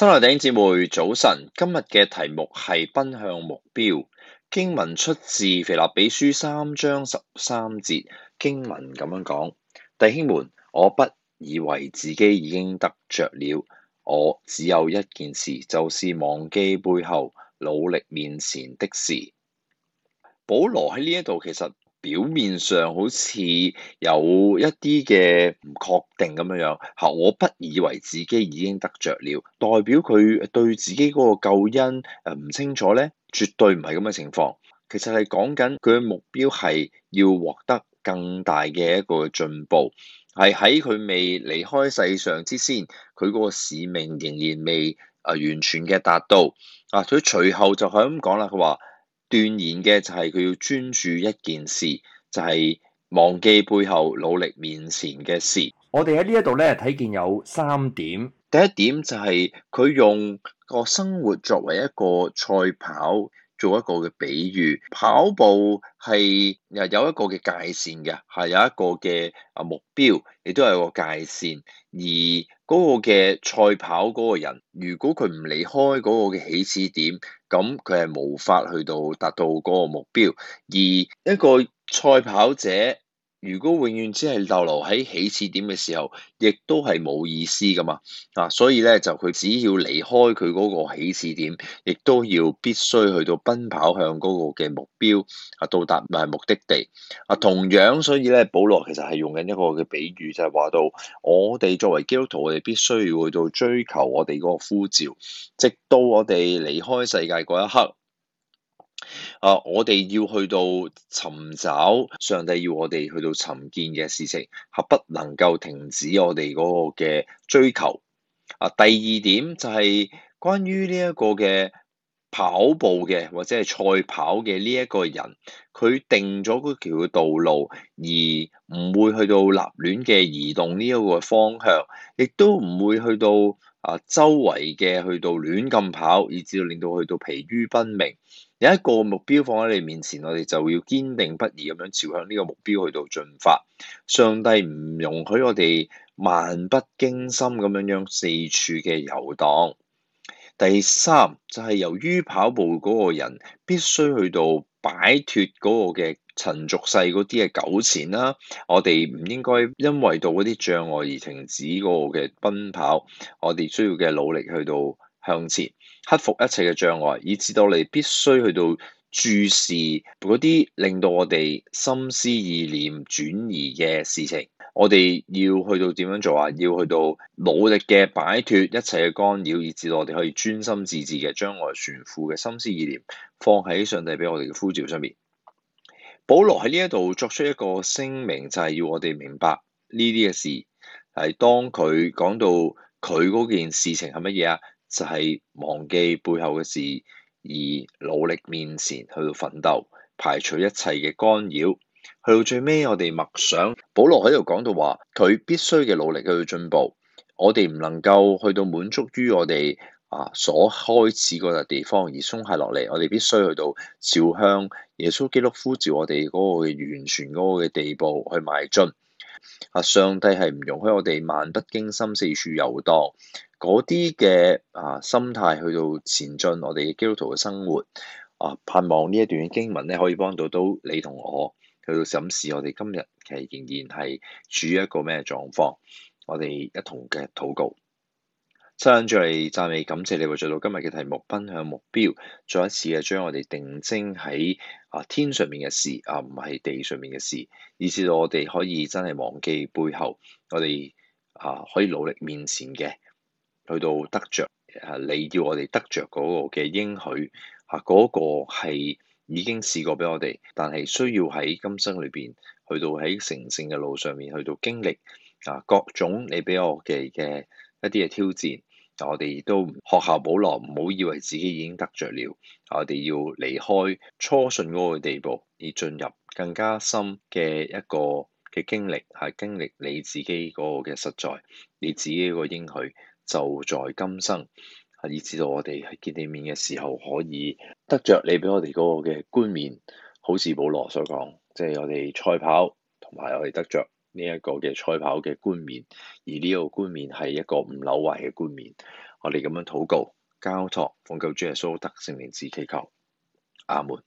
親愛弟兄姊妹，早晨！今日嘅題目係奔向目標。經文出自腓立比書三章十三節，經文咁樣講：弟兄們，我不以為自己已經得着了，我只有一件事，就是忘記背後，努力面前的事。保羅喺呢一度其實。表面上好似有一啲嘅唔確定咁樣樣，係我不以為自己已經得着了，代表佢對自己嗰個救恩誒唔清楚呢？絕對唔係咁嘅情況。其實係講緊佢嘅目標係要獲得更大嘅一個進步，係喺佢未離開世上之先，佢嗰個使命仍然未誒完全嘅達到。啊，所以隨後就係咁講啦，佢話。斷言嘅就係佢要專注一件事，就係、是、忘記背後努力面前嘅事。我哋喺呢一度咧睇見有三點，第一點就係佢用個生活作為一個賽跑。做一個嘅比喻，跑步係有有一個嘅界線嘅，係有一個嘅啊目標，亦都係一個界線。而嗰個嘅賽跑嗰個人，如果佢唔離開嗰個嘅起始點，咁佢係無法去到達到嗰個目標。而一個賽跑者。如果永遠只係逗留喺起始點嘅時候，亦都係冇意思噶嘛啊！所以咧就佢只要離開佢嗰個起始點，亦都要必須去到奔跑向嗰個嘅目標啊，到達埋、啊、目的地啊。同樣，所以咧保羅其實係用緊一個嘅比喻，就係、是、話到我哋作為基督徒，我哋必須要去到追求我哋嗰個呼召，直到我哋離開世界嗰一刻。啊！我哋要去到尋找上帝，要我哋去到尋見嘅事情，係、啊、不能夠停止我哋嗰個嘅追求。啊，第二點就係關於呢一個嘅跑步嘅或者係賽跑嘅呢一個人，佢定咗嗰條道路，而唔會去到立亂嘅移動呢一個方向，亦都唔會去到啊周圍嘅去到亂咁跑，以致令到去到疲於奔命。有一個目標放喺你面前，我哋就要堅定不移咁樣朝向呢個目標去到進發。上帝唔容許我哋漫不經心咁樣樣四處嘅遊蕩。第三就係、是，由於跑步嗰個人必須去到擺脫嗰個嘅陳俗世嗰啲嘅糾纏啦，我哋唔應該因為到嗰啲障礙而停止嗰個嘅奔跑。我哋需要嘅努力去到。向前克服一切嘅障礙，以至到你必須去到注視嗰啲令到我哋心思意念轉移嘅事情。我哋要去到點樣做啊？要去到努力嘅擺脫一切嘅干擾，以至到我哋可以專心致志嘅將我哋全副嘅心思意念放喺上帝俾我哋嘅呼召上面。保羅喺呢一度作出一個聲明，就係要我哋明白呢啲嘅事。係當佢講到佢嗰件事情係乜嘢啊？就係忘記背後嘅事，而努力面前去到奮鬥，排除一切嘅干擾。去到最尾我哋默想，保羅喺度講到話，佢必須嘅努力去進步，我哋唔能夠去到滿足於我哋啊所開始嗰笪地方而鬆懈落嚟，我哋必須去到朝向耶穌基督呼召我哋嗰個嘅完全嗰個嘅地步去邁進。啊！上帝係唔容許我哋漫不經心四處遊蕩，嗰啲嘅啊心態去到前進我哋基督徒嘅生活啊！盼望呢一段經文咧可以幫到到你同我去到審視我哋今日其實仍然係處於一個咩狀況？我哋一同嘅禱告。真係再嚟讚美感謝你，會做到今日嘅題目，奔向目標，再一次嘅將我哋定睛喺啊天上面嘅事啊，唔係地上面嘅事，以至到我哋可以真係忘記背後，我哋啊可以努力面前嘅去到得着你叫我哋得着嗰個嘅應許嚇，嗰、嗰個係已經試過俾我哋，但係需要喺今生裏邊去到喺成聖嘅路上面去到經歷啊各種你俾我嘅嘅一啲嘅挑戰。我哋亦都學校保羅，唔好以為自己已經得着了。我哋要離開初信嗰個地步，而進入更加深嘅一個嘅經歷，係經歷你自己嗰個嘅實在，你自己個應許就在今生，係以至到我哋見你面嘅時候，可以得着你俾我哋嗰個嘅冠冕，好似保羅所講，即係我哋賽跑同埋我哋得着。呢一個嘅賽跑嘅冠冕，而呢個冠冕係一個唔朽壞嘅冠冕。我哋咁樣禱告、交託、奉求主耶穌的聖靈，只祈求。阿門。